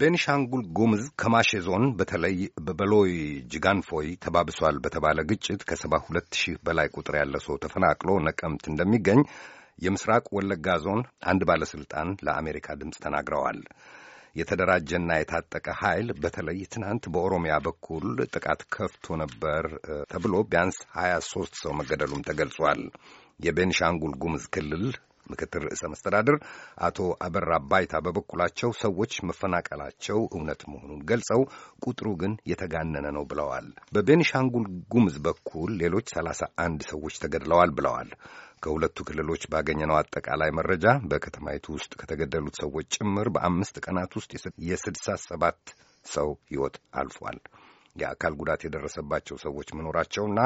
በቤንሻንጉል ጉምዝ ከማሼ ዞን በተለይ በበሎይ ጅጋንፎይ ተባብሷል በተባለ ግጭት ከሰባ ሁለት ሺህ በላይ ቁጥር ያለ ሰው ተፈናቅሎ ነቀምት እንደሚገኝ የምስራቅ ወለጋ ዞን አንድ ባለሥልጣን ለአሜሪካ ድምፅ ተናግረዋል። የተደራጀና የታጠቀ ኃይል በተለይ ትናንት በኦሮሚያ በኩል ጥቃት ከፍቶ ነበር ተብሎ ቢያንስ ሀያ ሦስት ሰው መገደሉም ተገልጿል። የቤንሻንጉል ጉምዝ ክልል ምክትል ርዕሰ መስተዳድር አቶ አበራ ባይታ በበኩላቸው ሰዎች መፈናቀላቸው እውነት መሆኑን ገልጸው ቁጥሩ ግን የተጋነነ ነው ብለዋል። በቤንሻንጉል ጉምዝ በኩል ሌሎች ሰላሳ አንድ ሰዎች ተገድለዋል ብለዋል። ከሁለቱ ክልሎች ባገኘነው አጠቃላይ መረጃ በከተማይቱ ውስጥ ከተገደሉት ሰዎች ጭምር በአምስት ቀናት ውስጥ የስድሳ ሰባት ሰው ሕይወት አልፏል። የአካል ጉዳት የደረሰባቸው ሰዎች መኖራቸውና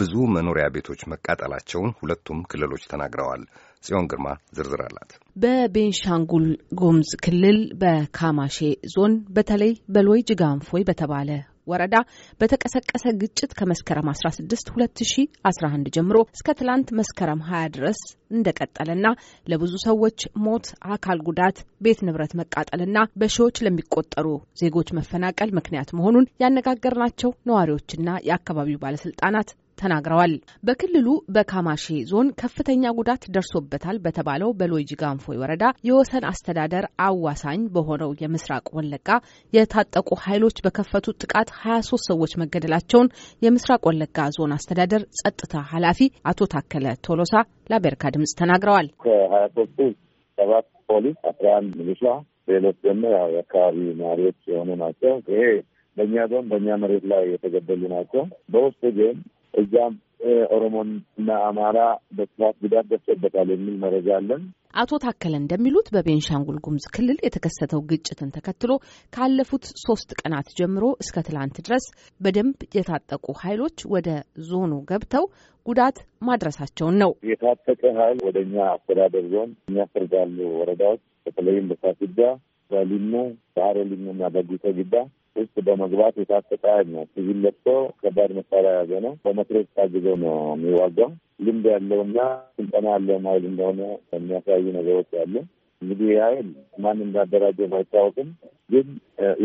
ብዙ መኖሪያ ቤቶች መቃጠላቸውን ሁለቱም ክልሎች ተናግረዋል። ጽዮን ግርማ ዝርዝር አላት። በቤንሻንጉል ጉሙዝ ክልል በካማሼ ዞን በተለይ በሎይ ጅጋንፎይ በተባለ ወረዳ በተቀሰቀሰ ግጭት ከመስከረም 16 2011 ጀምሮ እስከ ትላንት መስከረም 20 ድረስ እንደቀጠለና ለብዙ ሰዎች ሞት፣ አካል ጉዳት፣ ቤት ንብረት መቃጠልና በሺዎች ለሚቆጠሩ ዜጎች መፈናቀል ምክንያት መሆኑን ያነጋገርናቸው ነዋሪዎችና የአካባቢው ባለስልጣናት ተናግረዋል። በክልሉ በካማሼ ዞን ከፍተኛ ጉዳት ደርሶበታል በተባለው በሎጂ ጋንፎይ ወረዳ የወሰን አስተዳደር አዋሳኝ በሆነው የምስራቅ ወለጋ የታጠቁ ኃይሎች በከፈቱት ጥቃት 23 ሰዎች መገደላቸውን የምስራቅ ወለጋ ዞን አስተዳደር ጸጥታ ኃላፊ አቶ ታከለ ቶሎሳ ለአሜሪካ ድምጽ ተናግረዋል። ከሀያ ሶስቱ ሰባት ፖሊስ፣ አስራ አንድ ሚሊሻ፣ ሌሎች ደግሞ ያው የአካባቢ ነዋሪዎች የሆኑ ናቸው። ይሄ በእኛ ዞን በእኛ መሬት ላይ የተገደሉ ናቸው። በውስጡ ግን እዛም ኦሮሞና አማራ በስፋት ጉዳት ደርሶበታል የሚል መረጃ አለን። አቶ ታከለ እንደሚሉት በቤንሻንጉል ጉሙዝ ክልል የተከሰተው ግጭትን ተከትሎ ካለፉት ሶስት ቀናት ጀምሮ እስከ ትላንት ድረስ በደንብ የታጠቁ ኃይሎች ወደ ዞኑ ገብተው ጉዳት ማድረሳቸውን ነው። የታጠቀ ኃይል ወደ እኛ አስተዳደር ዞን የሚያስር ባሉ ወረዳዎች በተለይም በሳፊዳ፣ በሊሙ፣ በአሮ ሊሙና በጉተ ግዳ ውስጥ በመግባት የታጠቀ ኃይል ነው። ሲቪል ለብሶ ከባድ መሳሪያ ያዘ ነው። በመትረየስ ታግዘው ነው የሚዋጋው። ልምድ ያለውና ስልጠና ያለው ኃይል እንደሆነ የሚያሳዩ ነገሮች አሉ። እንግዲህ ኃይል ማን እንዳደራጀ ባይታወቅም ግን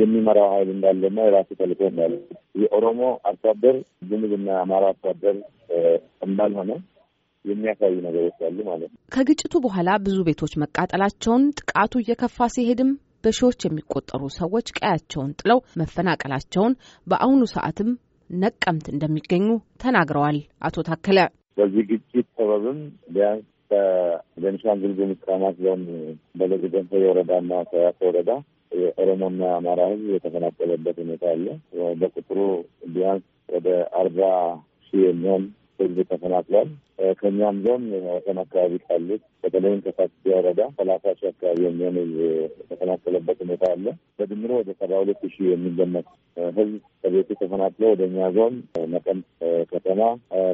የሚመራው ኃይል እንዳለና የራሱ ተልእኮ እንዳለ የኦሮሞ አርሶ አደር ጉሙዝና የአማራ አርሶ አደር እንዳልሆነ የሚያሳዩ ነገሮች አሉ ማለት ነው። ከግጭቱ በኋላ ብዙ ቤቶች መቃጠላቸውን ጥቃቱ እየከፋ ሲሄድም በሺዎች የሚቆጠሩ ሰዎች ቀያቸውን ጥለው መፈናቀላቸውን በአሁኑ ሰዓትም ነቀምት እንደሚገኙ ተናግረዋል። አቶ ታከለ በዚህ ግጭት ሰበብም ቢያንስ በቤኒሻንጉል ጉሙዝ ካማሽ ዞን በለግ ደንፈ የወረዳና ሰያፍ ወረዳ የኦሮሞና አማራ ሕዝብ የተፈናቀለበት ሁኔታ አለ። በቁጥሩ ቢያንስ ወደ አርባ ሺህ የሚሆን ሕዝብ ተፈናቅሏል። ከእኛም ዞን መተማ አካባቢ ካሉት በተለይም ከሳስቢ ወረዳ ሰላሳ ሺህ አካባቢ የሚሆን የተፈናቀለበት ሁኔታ አለ። በድምሮ ወደ ሰባ ሁለት ሺህ የሚገመት ህዝብ ከቤቱ ተፈናቅሎ ወደ እኛ ዞን መቀም ከተማ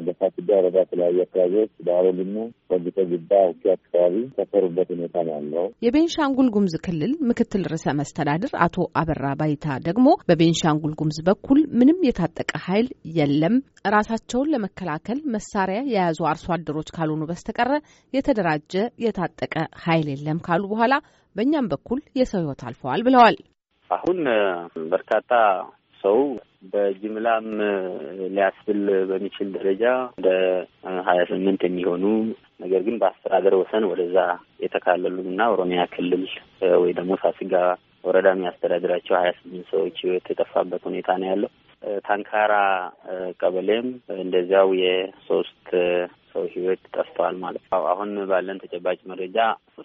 በሳስቢ ወረዳ የተለያዩ አካባቢዎች በአሮልኑ ወንጅተ ግባ ውኪ አካባቢ ሰፈሩበት ሁኔታ ነው ያለው። የቤንሻንጉል ጉምዝ ክልል ምክትል ርዕሰ መስተዳድር አቶ አበራ ባይታ ደግሞ በቤንሻንጉል ጉምዝ በኩል ምንም የታጠቀ ኃይል የለም፣ ራሳቸውን ለመከላከል መሳሪያ የያዙ አርሶ አርሶ አደሮች ካልሆኑ በስተቀረ የተደራጀ የታጠቀ ኃይል የለም ካሉ በኋላ በእኛም በኩል የሰው ህይወት አልፈዋል ብለዋል። አሁን በርካታ ሰው በጅምላም ሊያስብል በሚችል ደረጃ እንደ ሀያ ስምንት የሚሆኑ ነገር ግን በአስተዳደር ወሰን ወደዛ የተካለሉ እና ኦሮሚያ ክልል ወይ ደግሞ ሳሲጋ ወረዳ የሚያስተዳድራቸው ሀያ ስምንት ሰዎች ህይወት የጠፋበት ሁኔታ ነው ያለው። ታንካራ ቀበሌም እንደዚያው የሶስት ሰው ህይወት ጠፍተዋል ማለት ነው። አሁን ባለን ተጨባጭ መረጃ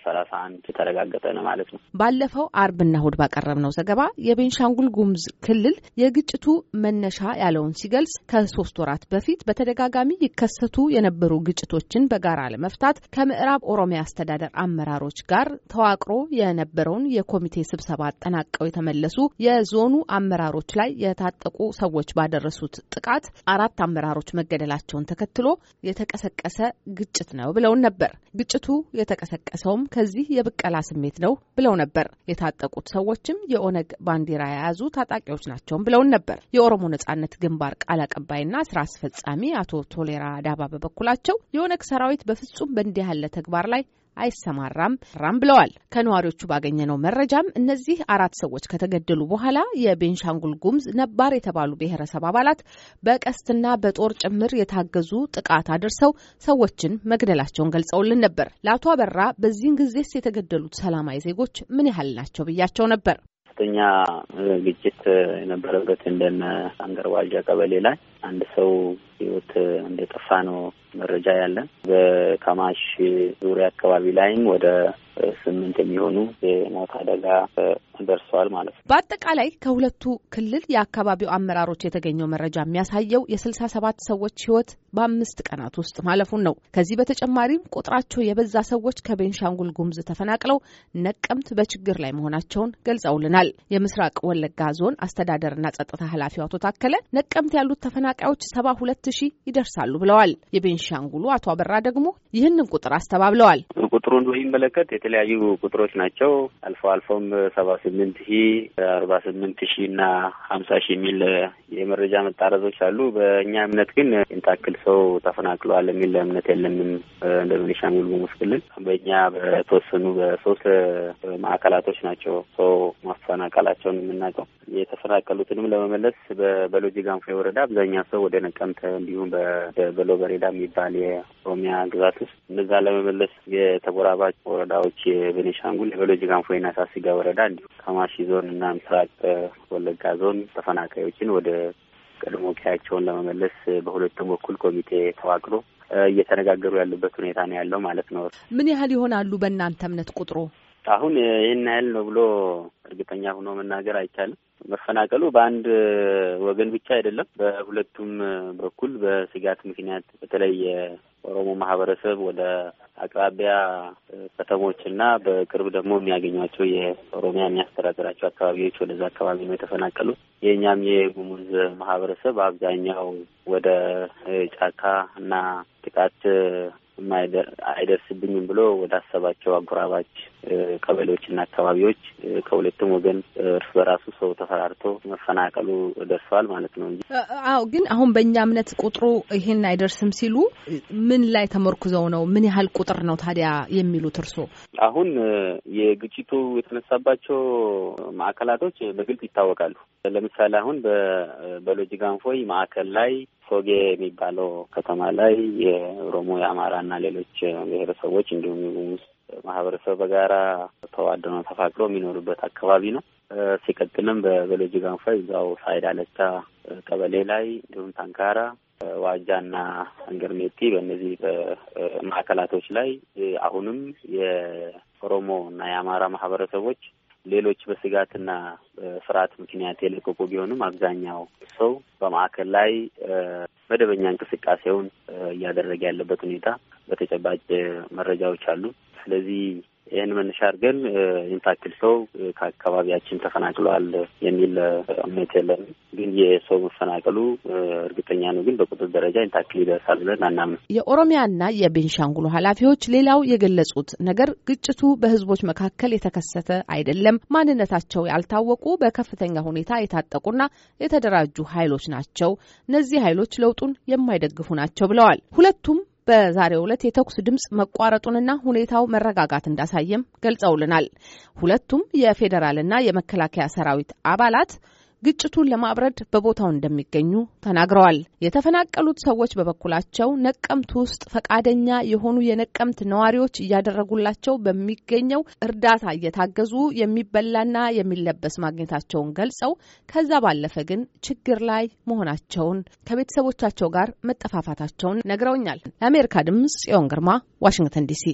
ሰላሳ አንድ ተረጋገጠ ነው ማለት ነው። ባለፈው አርብና እሁድ ባቀረብነው ዘገባ የቤንሻንጉል ጉሙዝ ክልል የግጭቱ መነሻ ያለውን ሲገልጽ ከሶስት ወራት በፊት በተደጋጋሚ ይከሰቱ የነበሩ ግጭቶችን በጋራ ለመፍታት ከምዕራብ ኦሮሚያ አስተዳደር አመራሮች ጋር ተዋቅሮ የነበረውን የኮሚቴ ስብሰባ አጠናቀው የተመለሱ የዞኑ አመራሮች ላይ የታጠቁ ሰዎች ባደረሱት ጥቃት አራት አመራሮች መገደላቸውን ተከትሎ የተቀሰቀሰ ግጭት ነው ብለውን ነበር። ግጭቱ የተቀሰቀሰውም ከዚህ የብቀላ ስሜት ነው ብለው ነበር። የታጠቁት ሰዎችም የኦነግ ባንዲራ የያዙ ታጣቂዎች ናቸውም ብለውን ነበር። የኦሮሞ ነጻነት ግንባር ቃል አቀባይና ስራ አስፈጻሚ አቶ ቶሌራ ዳባ በበኩላቸው የኦነግ ሰራዊት በፍጹም በእንዲህ ያለ ተግባር ላይ አይሰማራም ራም ብለዋል። ከነዋሪዎቹ ባገኘነው መረጃም እነዚህ አራት ሰዎች ከተገደሉ በኋላ የቤንሻንጉል ጉሙዝ ነባር የተባሉ ብሔረሰብ አባላት በቀስትና በጦር ጭምር የታገዙ ጥቃት አድርሰው ሰዎችን መግደላቸውን ገልጸውልን ነበር። ለአቶ አበራ በዚህን ጊዜስ የተገደሉት ሰላማዊ ዜጎች ምን ያህል ናቸው ብያቸው ነበር። ከፍተኛ ግጭት የነበረበት እንደነ አንገርባዣ ቀበሌ ላይ አንድ ሰው ህይወት እንደጠፋ ነው መረጃ ያለን። በከማሽ ዙሪያ አካባቢ ላይም ወደ ስምንት የሚሆኑ የሞት አደጋ ደርሰዋል ማለት ነው። በአጠቃላይ ከሁለቱ ክልል የአካባቢው አመራሮች የተገኘው መረጃ የሚያሳየው የስልሳ ሰባት ሰዎች ህይወት በአምስት ቀናት ውስጥ ማለፉን ነው። ከዚህ በተጨማሪም ቁጥራቸው የበዛ ሰዎች ከቤንሻንጉል ጉምዝ ተፈናቅለው ነቀምት በችግር ላይ መሆናቸውን ገልጸውልናል። የምስራቅ ወለጋ ዞን አስተዳደርና ጸጥታ ኃላፊው አቶ ታከለ ነቀምት ያሉት ተፈናቃዮች ሰባ ሁለት ሺህ ይደርሳሉ ብለዋል። የቤንሻንጉሉ አቶ አበራ ደግሞ ይህንን ቁጥር አስተባብለዋል። ቁጥሩን በሚመለከት የተለያዩ ቁጥሮች ናቸው። አልፎ አልፎም ሰባ ስምንት ሺ አርባ ስምንት ሺ እና ሀምሳ ሺ የሚል የመረጃ መጣረዞች አሉ። በእኛ እምነት ግን ንታክል ሰው ተፈናቅለዋል የሚል እምነት የለንም። እንደ ቤኒሻንጉል ጉሙዝ ክልል በእኛ በተወሰኑ በሶስት ማዕከላቶች ናቸው ሰው ማፈናቀላቸውን የምናውቀው። የተፈናቀሉትንም ለመመለስ በበሎ ጂጋንፎ ወረዳ አብዛኛ ሰው ወደ ነቀምተ እንዲሁም በበሎ በሬዳ የሚባል የኦሮሚያ ግዛት ውስጥ እነዛ ለመመለስ ከተጎራባች ወረዳዎች የቤኒሻንጉል የቤሎጂ ጋንፎይና ሳሲጋ ወረዳ እንዲሁም ከማሺ ዞን እና ምስራቅ ወለጋ ዞን ተፈናቃዮችን ወደ ቀድሞ ቀያቸውን ለመመለስ በሁለቱም በኩል ኮሚቴ ተዋቅሮ እየተነጋገሩ ያሉበት ሁኔታ ነው ያለው ማለት ነው። ምን ያህል ይሆናሉ በእናንተ እምነት ቁጥሩ? አሁን ይህን ያህል ነው ብሎ እርግጠኛ ሆኖ መናገር አይቻልም። መፈናቀሉ በአንድ ወገን ብቻ አይደለም። በሁለቱም በኩል በስጋት ምክንያት በተለይ የኦሮሞ ማህበረሰብ ወደ አቅራቢያ ከተሞች እና በቅርብ ደግሞ የሚያገኟቸው የኦሮሚያ የሚያስተዳድራቸው አካባቢዎች ወደዛ አካባቢ ነው የተፈናቀሉት። የእኛም የጉሙዝ ማህበረሰብ አብዛኛው ወደ ጫካ እና ጥቃት አይደርስብኝም ብሎ ወደ አሰባቸው አጎራባች ቀበሌዎችና አካባቢዎች ከሁለቱም ወገን እርስ በራሱ ሰው ተፈራርቶ መፈናቀሉ ደርሰዋል ማለት ነው እንጂ አዎ። ግን አሁን በእኛ እምነት ቁጥሩ ይሄን አይደርስም ሲሉ ምን ላይ ተመርኩዘው ነው? ምን ያህል ቁጥር ነው ታዲያ የሚሉት እርሶ? አሁን የግጭቱ የተነሳባቸው ማዕከላቶች በግልጽ ይታወቃሉ። ለምሳሌ አሁን በሎጂ ማዕከል ላይ ሶጌ የሚባለው ከተማ ላይ የኦሮሞ የአማራና ሌሎች ብሔረሰቦች እንዲሁም ማህበረሰብ በጋራ ተዋደኖ ተፋቅሮ የሚኖሩበት አካባቢ ነው። ሲቀጥልም በበሎጂ ጋንፋ እዛው ሳይድ አለቻ ቀበሌ ላይ እንዲሁም ታንካራ፣ ዋጃና አንገርሜቲ በእነዚህ ማዕከላቶች ላይ አሁንም የኦሮሞ እና የአማራ ማህበረሰቦች ሌሎች በስጋትና በፍርሃት ምክንያት የለቀቁ ቢሆንም አብዛኛው ሰው በማዕከል ላይ መደበኛ እንቅስቃሴውን እያደረገ ያለበት ሁኔታ በተጨባጭ መረጃዎች አሉ። ስለዚህ ይህን መነሻ አድርገን ይህን ሰው ከአካባቢያችን ተፈናቅሏል የሚል እምነት የለን። ግን የሰው መፈናቀሉ እርግጠኛ ነው። ግን በቁጥር ደረጃ ይህን ይደርሳል ብለን አናምን። የኦሮሚያና የቤንሻንጉሉ ኃላፊዎች ሌላው የገለጹት ነገር ግጭቱ በህዝቦች መካከል የተከሰተ አይደለም፣ ማንነታቸው ያልታወቁ በከፍተኛ ሁኔታ የታጠቁና የተደራጁ ኃይሎች ናቸው። እነዚህ ኃይሎች ለውጡን የማይደግፉ ናቸው ብለዋል። ሁለቱም በዛሬው ዕለት የተኩስ ድምፅ መቋረጡንና ሁኔታው መረጋጋት እንዳሳየም ገልጸውልናል። ሁለቱም የፌዴራልና የመከላከያ ሰራዊት አባላት ግጭቱን ለማብረድ በቦታው እንደሚገኙ ተናግረዋል። የተፈናቀሉት ሰዎች በበኩላቸው ነቀምት ውስጥ ፈቃደኛ የሆኑ የነቀምት ነዋሪዎች እያደረጉላቸው በሚገኘው እርዳታ እየታገዙ የሚበላና የሚለበስ ማግኘታቸውን ገልጸው ከዛ ባለፈ ግን ችግር ላይ መሆናቸውን ከቤተሰቦቻቸው ጋር መጠፋፋታቸውን ነግረውኛል። ለአሜሪካ ድምጽ ጽዮን ግርማ ዋሽንግተን ዲሲ